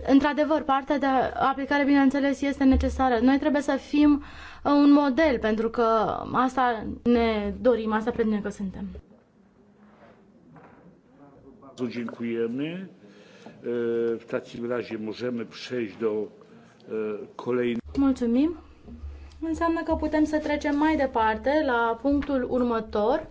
S4: Într-adevăr, partea de aplicare, bineînțeles, este necesară. Noi trebuie să fim uh, un model, pentru că asta ne dorim, asta credem că suntem.
S1: dziękujemy. W takim razie możemy przejść do kolejnego.
S4: Mulțumim. Înseamnă că putem să trecem mai departe la punctul următor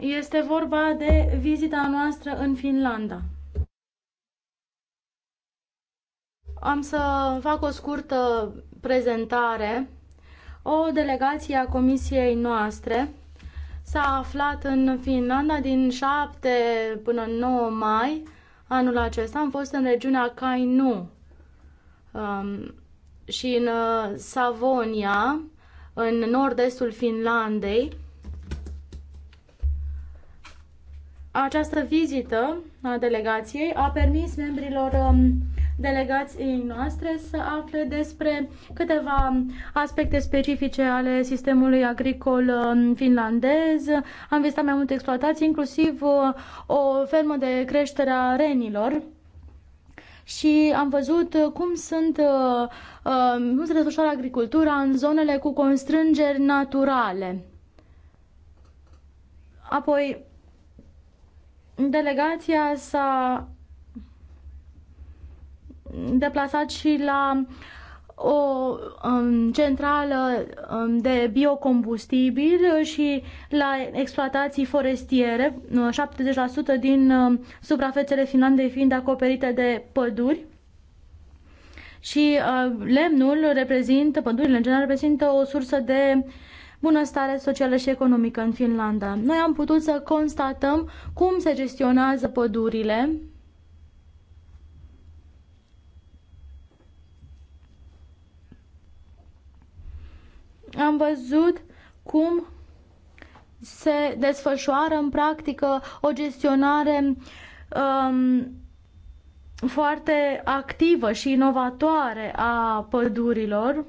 S4: Este vorba de vizita noastră în Finlanda. Am să fac o scurtă prezentare. O delegație a comisiei noastre s-a aflat în Finlanda din 7 până 9 mai anul acesta. Am fost în regiunea Kainu um, și în uh, Savonia, în nord-estul Finlandei Această vizită a delegației a permis membrilor um, delegației noastre să afle despre câteva aspecte specifice ale sistemului agricol um, finlandez. Am vizitat mai multe exploatații, inclusiv uh, o fermă de creștere a renilor și am văzut cum sunt uh, um, cum se desfășoară agricultura în zonele cu constrângeri naturale. Apoi, delegația s-a deplasat și la o um, centrală um, de biocombustibil și la exploatații forestiere, 70% uh, din um, suprafețele Finlandei fiind acoperite de păduri. Și uh, lemnul reprezintă, pădurile în general reprezintă o sursă de bunăstare socială și economică în Finlanda. Noi am putut să constatăm cum se gestionează pădurile, am văzut cum se desfășoară în practică o gestionare um, foarte activă și inovatoare a pădurilor.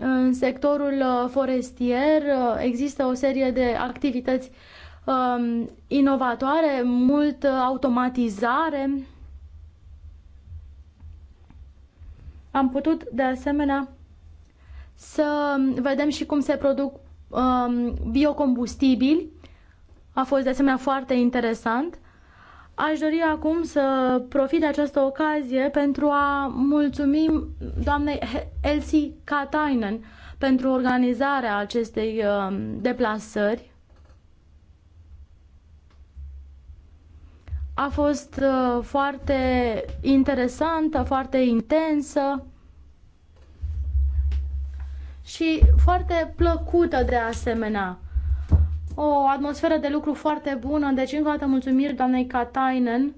S4: În sectorul uh, forestier uh, există o serie de activități um, inovatoare, mult uh, automatizare. Am putut, de asemenea, să vedem și cum se produc um, biocombustibili. A fost, de asemenea, foarte interesant. Aș dori acum să profit de această ocazie pentru a mulțumi doamnei Elsie Katainen pentru organizarea acestei um, deplasări. A fost uh, foarte interesantă, foarte intensă și foarte plăcută de asemenea o atmosferă de lucru foarte bună, deci încă o dată mulțumiri doamnei Katainen.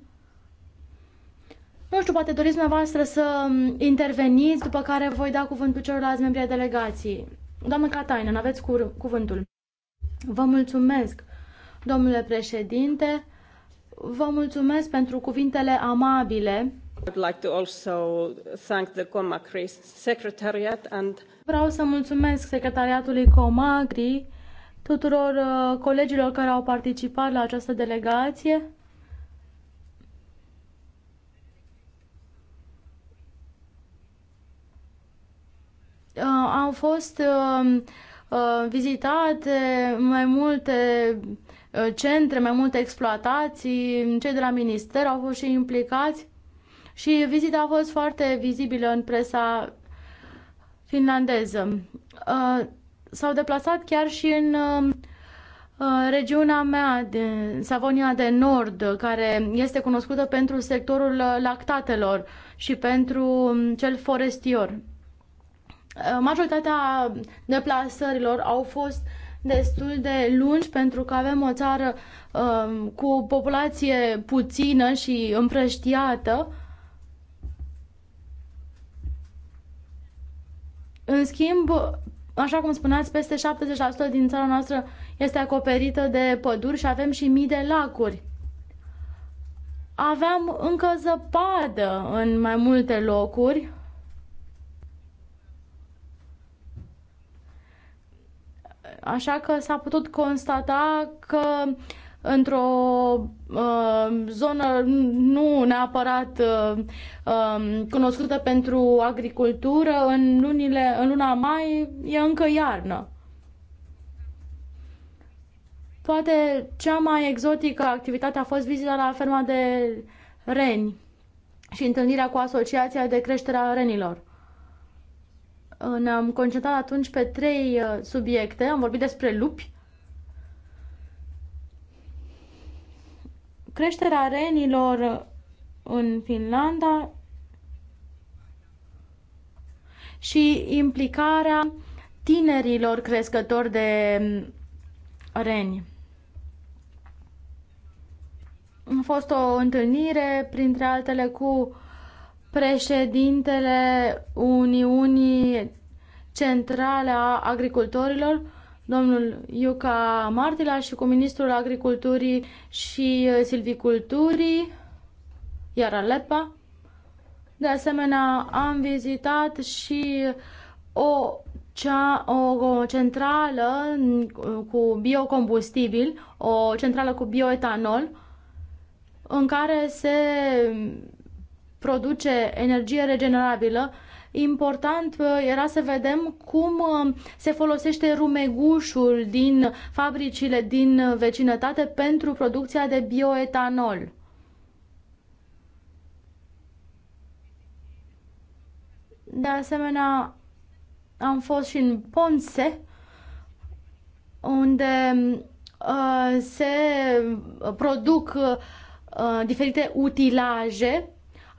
S4: Nu știu, poate doriți dumneavoastră să interveniți, după care voi da cuvântul celorlalți membri ai delegației. Doamna Katainen, aveți cuvântul. Vă mulțumesc, domnule președinte. Vă mulțumesc pentru cuvintele amabile. Vreau să mulțumesc secretariatului Comagri tuturor uh, colegilor care au participat la această delegație. Uh, au fost uh, vizitate mai multe centre, mai multe exploatații, cei de la minister au fost și implicați și vizita a fost foarte vizibilă în presa finlandeză s-au deplasat chiar și în um, uh, regiunea mea, de Savonia de Nord, care este cunoscută pentru sectorul uh, lactatelor și pentru um, cel forestier. Uh, majoritatea deplasărilor au fost destul de lungi pentru că avem o țară um, cu populație puțină și împrăștiată. În schimb, Așa cum spuneați, peste 70% din țara noastră este acoperită de păduri și avem și mii de lacuri. Aveam încă zăpadă în mai multe locuri. Așa că s-a putut constata că într-o uh, zonă nu neapărat uh, um, cunoscută pentru agricultură, în, lunile, în luna mai e încă iarnă. Poate cea mai exotică activitate a fost vizita la ferma de reni și întâlnirea cu Asociația de Creștere a Renilor. Uh, ne-am concentrat atunci pe trei uh, subiecte. Am vorbit despre lupi, creșterea renilor în Finlanda și implicarea tinerilor crescători de reni. A fost o întâlnire, printre altele, cu președintele Uniunii Centrale a Agricultorilor, domnul Iuca Martila și cu ministrul agriculturii și uh, silviculturii, iar Alepa. De asemenea, am vizitat și o, cea, o, o centrală cu biocombustibil, o centrală cu bioetanol, în care se produce energie regenerabilă important uh, era să vedem cum uh, se folosește rumegușul din fabricile din vecinătate pentru producția de bioetanol. De asemenea, am fost și în Ponce, unde uh, se produc uh, diferite utilaje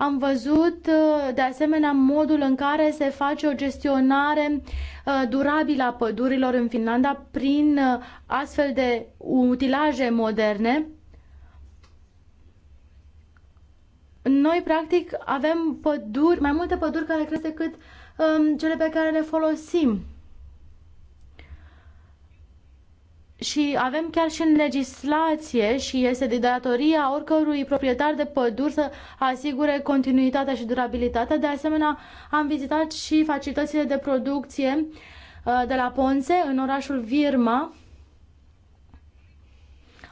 S4: am văzut uh, de asemenea modul în care se face o gestionare uh, durabilă a pădurilor în Finlanda prin uh, astfel de utilaje moderne. Noi, practic, avem păduri, mai multe păduri care cresc decât um, cele pe care le folosim. și avem chiar și în legislație și este de datoria oricărui proprietar de păduri să asigure continuitatea și durabilitatea. De asemenea, am vizitat și facilitățile de producție uh, de la Ponce, în orașul Virma.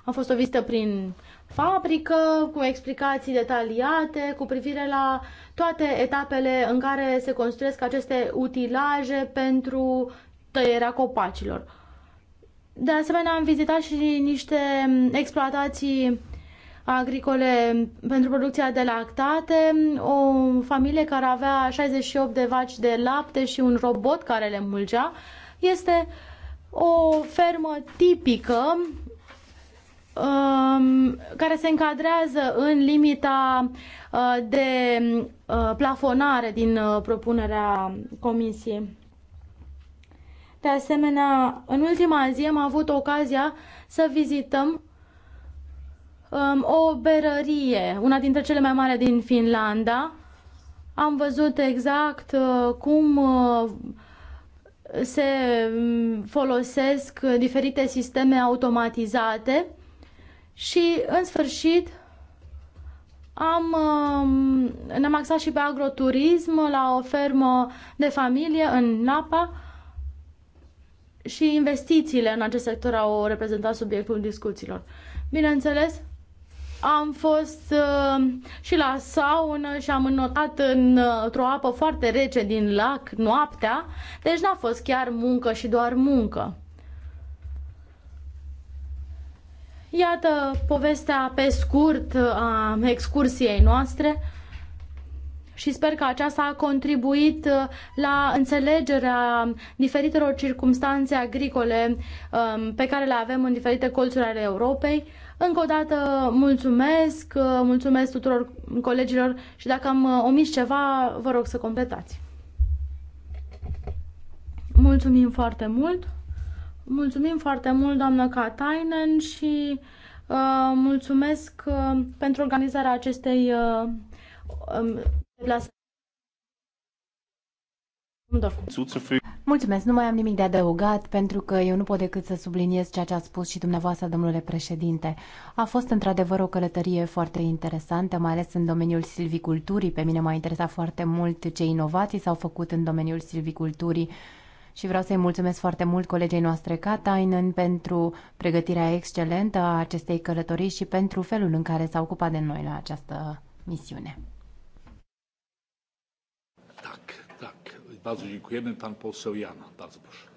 S4: Am fost o vizită prin fabrică, cu explicații detaliate cu privire la toate etapele în care se construiesc aceste utilaje pentru tăierea copacilor. De asemenea, am vizitat și niște exploatații agricole pentru producția de lactate, o familie care avea 68 de vaci de lapte și un robot care le mulgea. Este o fermă tipică um, care se încadrează în limita uh, de uh, plafonare din uh, propunerea comisiei. De asemenea, în ultima zi am avut ocazia să vizităm um, o berărie, una dintre cele mai mari din Finlanda. Am văzut exact uh, cum uh, se mm, folosesc uh, diferite sisteme automatizate și, în sfârșit, am, um, ne-am axat și pe agroturism la o fermă de familie în Napa, și investițiile în acest sector au reprezentat subiectul discuțiilor. Bineînțeles, am fost uh, și la saună și am înnotat în, într-o apă foarte rece din lac noaptea, deci n-a fost chiar muncă și doar muncă. Iată povestea pe scurt a excursiei noastre și sper că aceasta a contribuit uh, la înțelegerea diferitelor circumstanțe agricole um, pe care le avem în diferite colțuri ale Europei. Încă o dată mulțumesc, uh, mulțumesc tuturor colegilor și dacă am uh, omis ceva, vă rog să completați. Mulțumim foarte mult! Mulțumim foarte mult, doamnă Katainen, și uh, mulțumesc uh, pentru organizarea acestei uh, um,
S2: Mulțumesc, nu mai am nimic de adăugat pentru că eu nu pot decât să subliniez ceea ce ați spus și dumneavoastră, domnule președinte. A fost într-adevăr o călătorie foarte interesantă, mai ales în domeniul silviculturii. Pe mine m-a interesat foarte mult ce inovații s-au făcut în domeniul silviculturii și vreau să-i mulțumesc foarte mult colegei noastre Katainen pentru pregătirea excelentă a acestei călătorii și pentru felul în care s-a ocupat de noi la această misiune.
S1: Bardzo dziękujemy. Pan poseł bardzo proszę.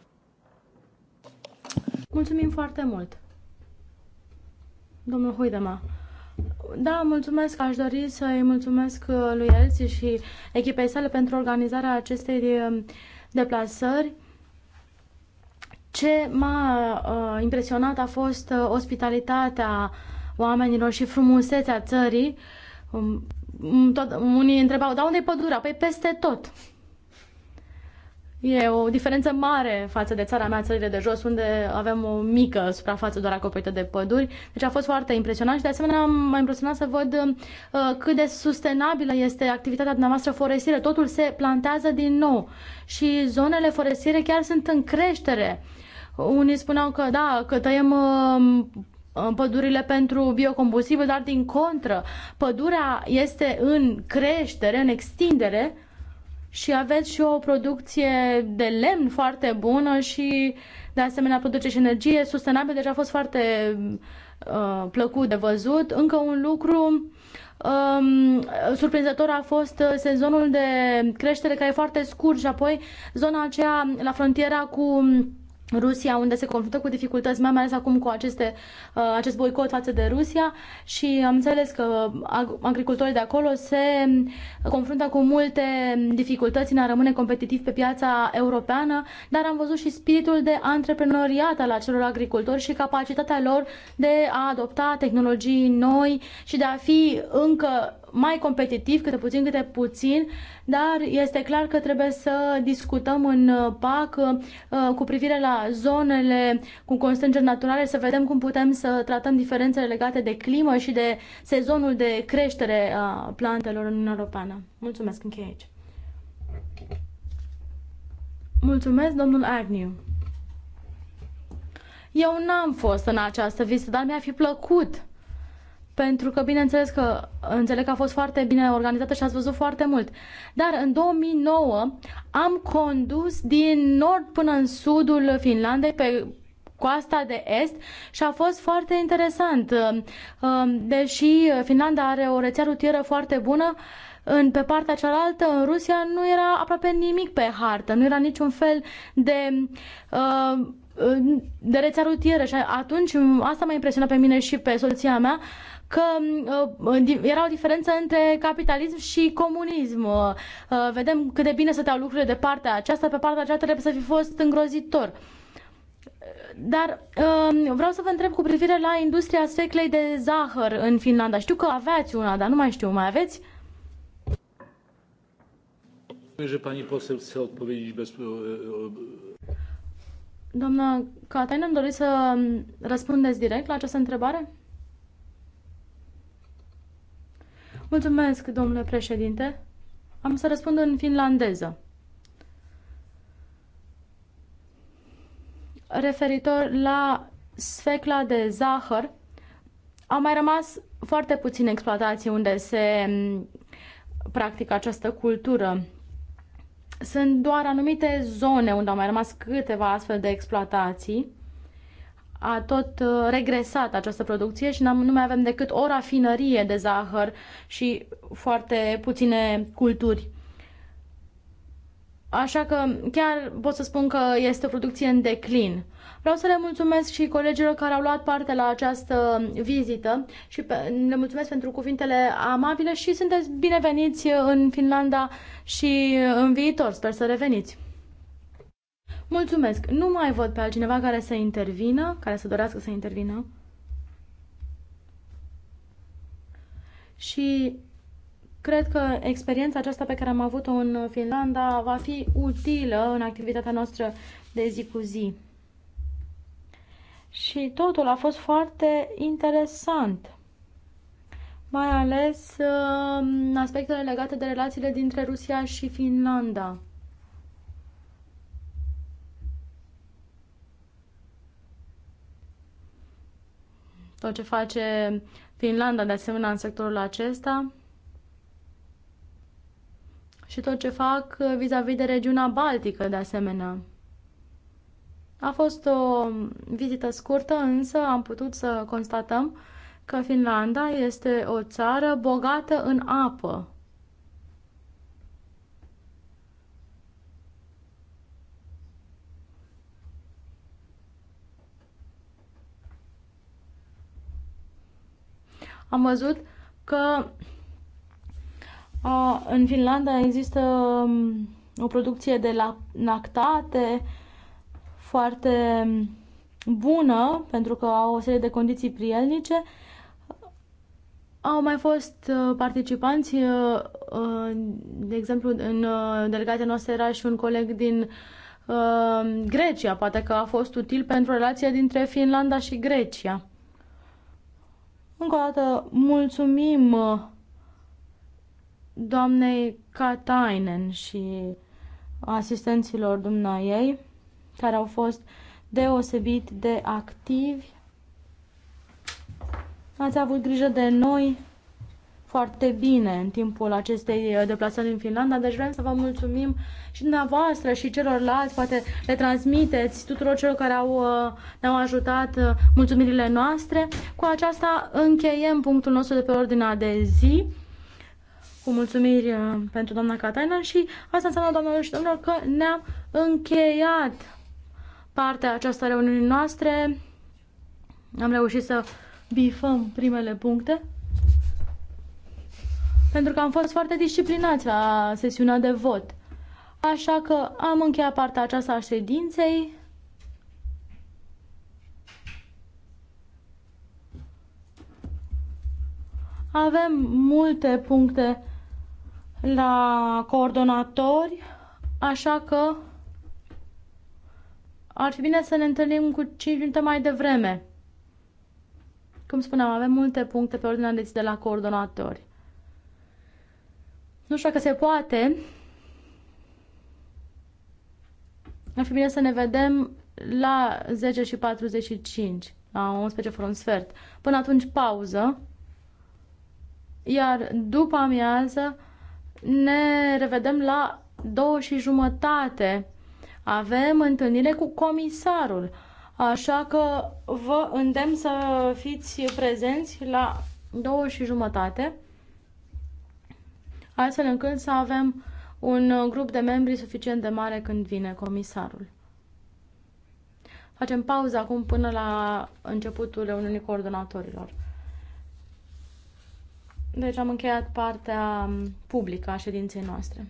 S4: Mulțumim foarte mult. Domnul Huidema. Da, mulțumesc. Aș dori să-i mulțumesc uh, lui Elsie și echipei sale pentru organizarea acestei uh, deplasări. Ce m-a uh, impresionat a fost uh, ospitalitatea oamenilor și frumusețea țării. Um, tot, unii întrebau, dar unde e pădurea? Păi peste tot. E o diferență mare față de țara mea, țările de jos, unde avem o mică suprafață doar acoperită de păduri. Deci a fost foarte impresionant și de asemenea m-a impresionat să văd uh, cât de sustenabilă este activitatea dumneavoastră forestieră. Totul se plantează din nou și zonele forestiere chiar sunt în creștere. Unii spuneau că da, că tăiem uh, pădurile pentru biocombustibil, dar din contră, pădurea este în creștere, în extindere și aveți și o producție de lemn foarte bună și de asemenea produce și energie sustenabilă. Deja deci a fost foarte uh, plăcut de văzut. Încă un lucru um, surprinzător a fost uh, sezonul de creștere care e foarte scurt și apoi zona aceea la frontiera cu Rusia, unde se confruntă cu dificultăți, mai ales acum cu aceste, uh, acest boicot față de Rusia și am înțeles că agricultorii de acolo se confruntă cu multe dificultăți în a rămâne competitiv pe piața europeană, dar am văzut și spiritul de antreprenoriat al acelor agricultori și capacitatea lor de a adopta tehnologii noi și de a fi încă mai competitiv, câte puțin, câte puțin, dar este clar că trebuie să discutăm în uh, PAC uh, uh, cu privire la zonele cu constrângeri naturale, să vedem cum putem să tratăm diferențele legate de climă și de sezonul de creștere a plantelor în Uniunea Europeană. Mulțumesc, încheie aici. Mulțumesc, domnul Agnew. Eu n-am fost în această vizită, dar mi-a fi plăcut pentru că bineînțeles că înțeleg că a fost foarte bine organizată și ați văzut foarte mult. Dar în 2009 am condus din nord până în sudul Finlandei pe coasta de est și a fost foarte interesant. Ehm, deși Finlanda are o rețea rutieră foarte bună, în, pe partea cealaltă, în Rusia, nu era aproape nimic pe hartă, nu era niciun fel de ehm, de rețea rutieră și atunci asta m-a impresionat pe mine și pe soția mea că uh, era o diferență între capitalism și comunism. Uh, vedem cât de bine stăteau lucrurile de partea aceasta, pe partea aceasta trebuie să fi fost îngrozitor. Dar um, vreau să vă întreb cu privire la industria sfeclei de zahăr în Finlanda. Știu că aveați una, dar nu mai știu, mai aveți? Doamna Catarina, îmi doriți să um, răspundeți direct la această întrebare? Mulțumesc, domnule președinte. Am să răspund în finlandeză. Referitor la sfecla de zahăr, au mai rămas foarte puține exploatații unde se mm, practică această cultură. Sunt doar anumite zone unde au mai rămas câteva astfel de exploatații a tot uh, regresat această producție și nu mai avem decât o rafinărie de zahăr și foarte puține culturi. Așa că chiar pot să spun că este o producție în declin. Vreau să le mulțumesc și colegilor care au luat parte la această vizită și le mulțumesc pentru cuvintele amabile și sunteți bineveniți în Finlanda și în viitor. Sper să reveniți. Mulțumesc. Nu mai văd pe altcineva care să intervină, care să dorească să intervină. Și cred că experiența aceasta pe care am avut-o în Finlanda va fi utilă în activitatea noastră de zi cu zi. Și totul a fost foarte interesant, mai ales uh, aspectele legate de relațiile dintre Rusia și Finlanda. tot ce face Finlanda de asemenea în sectorul acesta și tot ce fac vis-a-vis -vis de regiunea Baltică de asemenea. A fost o vizită scurtă, însă am putut să constatăm că Finlanda este o țară bogată în apă. am văzut că a, în Finlanda există um, o producție de lactate foarte um, bună, pentru că au o serie de condiții prielnice. Au mai fost uh, participanți, uh, uh, de exemplu, în delegația noastră era și un coleg din Grecia, poate că a fost util pentru relația dintre Finlanda și Grecia. Încă o dată mulțumim uh, doamnei Katainen și asistenților ei, care au fost deosebit de activi. Ați avut grijă de noi foarte bine în timpul acestei uh, deplasări în Finlanda, deci vrem să vă mulțumim și dumneavoastră și celorlalți, poate le transmiteți tuturor celor care au, uh, ne-au ajutat uh, mulțumirile noastre. Cu aceasta încheiem punctul nostru de pe ordinea de zi cu mulțumiri pentru doamna Cataina și asta înseamnă, doamnelor și domnilor, că ne-am încheiat partea aceasta reuniunii noastre. Am reușit să bifăm primele puncte pentru că am fost foarte disciplinați la sesiunea de vot. Așa că am încheiat partea aceasta a ședinței. Avem multe puncte la coordonatori, așa că ar fi bine să ne întâlnim cu 5 minute mai devreme. Cum spuneam, avem multe puncte pe ordinea de zi de la coordonatori. Nu știu dacă se poate. Ar fi bine să ne vedem la 10 și 45, la 11 fără un sfert. Până atunci pauză, iar după amiază ne revedem la 2 și jumătate. Avem întâlnire cu comisarul, așa că vă îndemn să fiți prezenți la 2 și jumătate astfel încât să avem un uh, grup de membri suficient de mare când vine comisarul. Facem pauză acum până la începutul reuniunii coordonatorilor. Deci am încheiat partea um, publică a ședinței noastre.